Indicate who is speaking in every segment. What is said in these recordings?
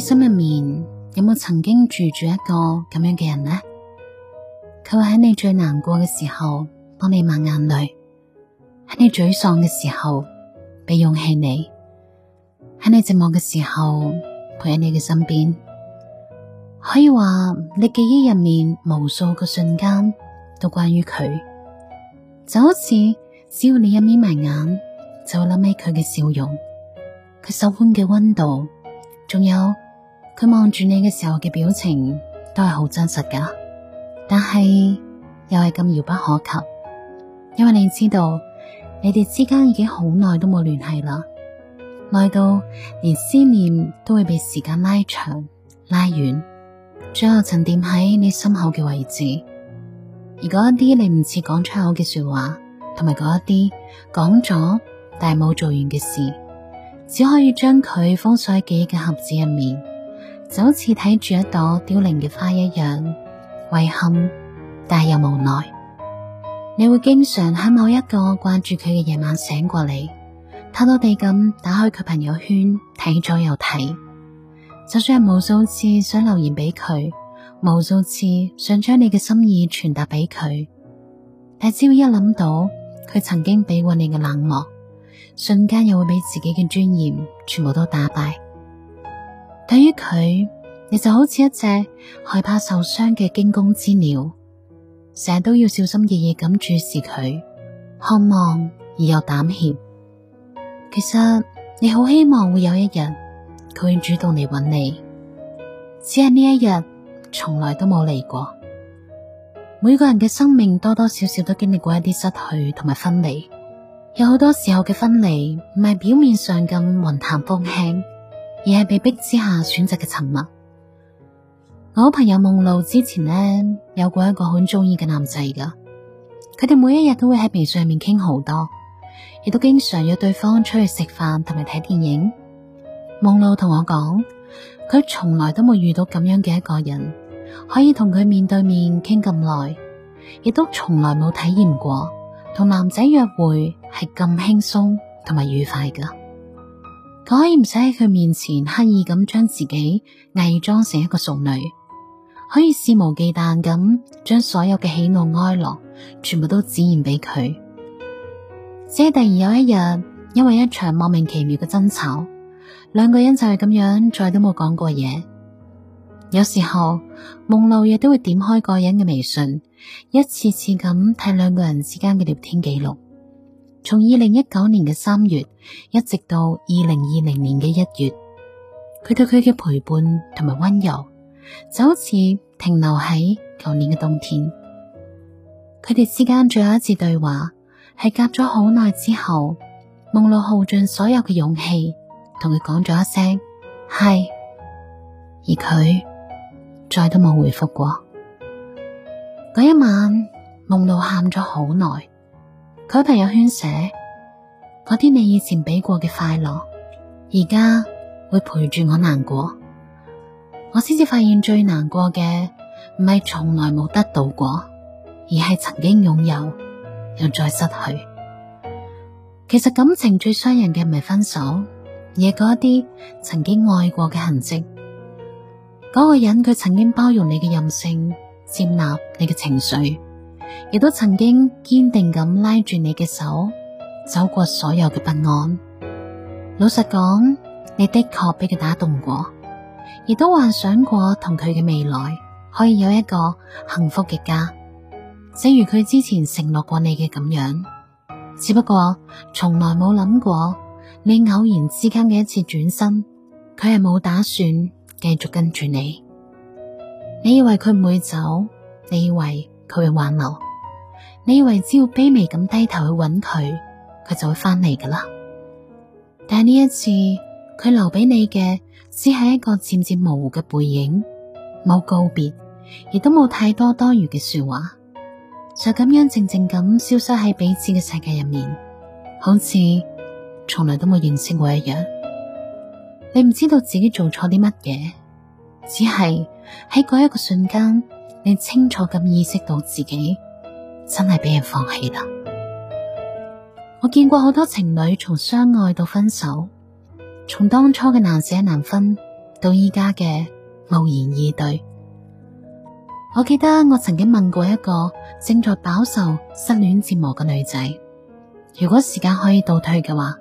Speaker 1: 心入面有冇曾經住住一個咁樣嘅人呢？佢會喺你最難過嘅時候幫你抹眼淚，喺你沮喪嘅時候俾勇氣你，喺你寂寞嘅時候陪喺你嘅身邊。可以話你記憶入面無數個瞬間都關於佢，就好似只要你一眯埋眼，就會諗起佢嘅笑容、佢手腕嘅溫度，仲有。佢望住你嘅時候嘅表情都係好真實噶但係又係咁遙不可及，因為你知道你哋之間已經好耐都冇聯繫啦，耐到連思念都會被時間拉長拉遠，最後沉澱喺你心口嘅位置。而嗰一啲你唔似講出口嘅說話，同埋嗰一啲講咗但係冇做完嘅事，只可以將佢封鎖喺記憶嘅盒子入面。就好似睇住一朵凋零嘅花一樣，遺憾但又無奈。你會經常喺某一個掛住佢嘅夜晚醒過嚟，偷偷哋咁打開佢朋友圈睇咗又睇，就算係無數次想留言俾佢，無數次想將你嘅心意傳達俾佢，但只要一諗到佢曾經俾過你嘅冷漠，瞬間又會俾自己嘅尊嚴全部都打敗。對於佢，你就好似一隻害怕受傷嘅驚弓之鳥，成日都要小心翼翼咁注視佢，渴望而又膽怯。其實你好希望會有一日佢會主動嚟揾你,只係呢一日從來都冇嚟過。每個人嘅生命多多少少都經歷過一啲失去同埋分離，有好多時候嘅分離唔係表面上咁雲淡風輕。而係被逼之下選擇嘅沉默。我好朋友夢露之前呢，有過一個好中意嘅男仔噶，佢哋每一日都會喺微信入面傾好多，亦都經常約對方出去食飯同埋睇電影。夢露同我講，佢從來都冇遇到咁樣嘅一個人，可以同佢面對面傾咁耐，亦都從來冇體驗過同男仔約會係咁輕鬆同埋愉快噶。可以唔使喺佢面前刻意咁將自己偽裝成一個淑女，可以肆無忌憚咁將所有嘅喜怒哀樂全部都展現俾佢。只係突然有一日，因為一場莫名其妙嘅爭吵，兩個人就係咁樣，再都冇講過嘢。有時候夢露亦都會點開個人嘅微信，一次次咁睇兩個人之間嘅聊天記錄。從二零一九年嘅三月一直到二零二零年嘅一月，佢對佢嘅陪伴同埋溫柔，就好似停留喺舊年嘅冬天。佢哋之間最後一次對話係隔咗好耐之後，夢露耗盡所有嘅勇氣同佢講咗一聲係，而佢再都冇回覆過。嗰一晚，夢露喊咗好耐。佢朋友圈寫嗰啲你以前畀過嘅快樂，而家會陪住我難過。我先至發現最難過嘅唔係從來冇得到過，而係曾經擁有又再失去。其實感情最傷人嘅唔係分手，而係嗰啲曾經愛過嘅痕迹。嗰個人佢曾經包容你嘅任性，接納你嘅情緒。亦都曾經堅定咁拉住你嘅手，走過所有嘅不安。老實講，你的確俾佢打動過，亦都幻想過同佢嘅未來可以有一個幸福嘅家，正如佢之前承諾過你嘅咁樣。只不過從來冇諗過，你偶然之間嘅一次轉身，佢係冇打算繼續跟住你。你以為佢唔會走，你以為佢會挽留。你以為只要卑微咁低頭去揾佢，佢就會翻嚟噶啦？但係呢一次，佢留俾你嘅只係一個漸漸模糊嘅背影，冇告別，亦都冇太多多餘嘅說話，就咁樣靜靜咁消失喺彼此嘅世界入面，好似從來都冇認識過一樣。你唔知道自己做錯啲乜嘢，只係喺嗰一個瞬間，你清楚咁意識到自己。真係俾人放棄啦！我見過好多情侶從相愛到分手，從當初嘅難捨難分到依家嘅無言以對。我記得我曾經問過一個正在飽受失戀折磨嘅女仔：如果時間可以倒退嘅話，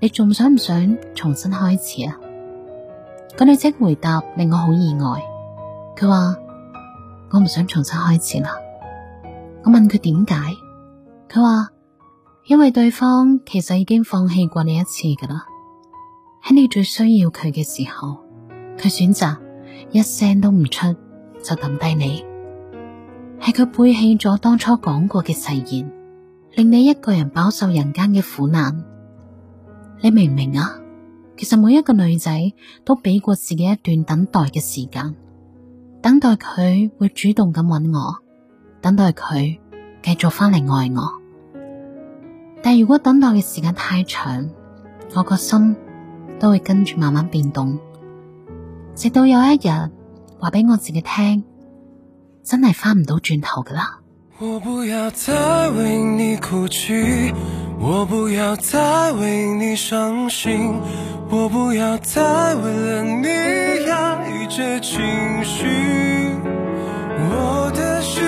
Speaker 1: 你仲想唔想重新開始啊？個女仔回答令我好意外，佢話：我唔想重新開始啦。我問佢點解，佢話，因為對方其實已經放棄過你一次㗎喇。喺你最需要佢嘅時候，佢選擇一聲都唔出就抌低你，係佢背棄咗當初講過嘅誓言，令你一個人飽受人間嘅苦難。你明唔明啊？其實每一個女仔都俾過自己一段等待嘅時間，等待佢會主動咁搵我，等待佢繼續翻嚟愛我，但如果等待嘅時間太長，我個心都會跟住慢慢變動，直到有一日話俾我自己聽，真係翻唔到轉頭㗎喇。
Speaker 2: 我不要再為你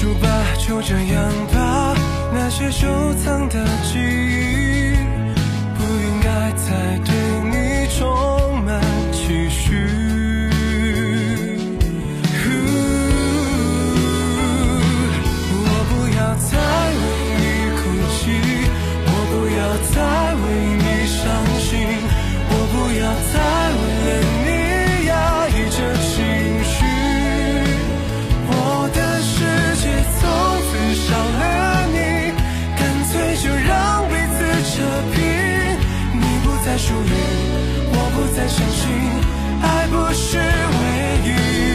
Speaker 2: 住吧，就這樣吧，那些收藏的記憶。屬於我不再相信，愛不是唯一。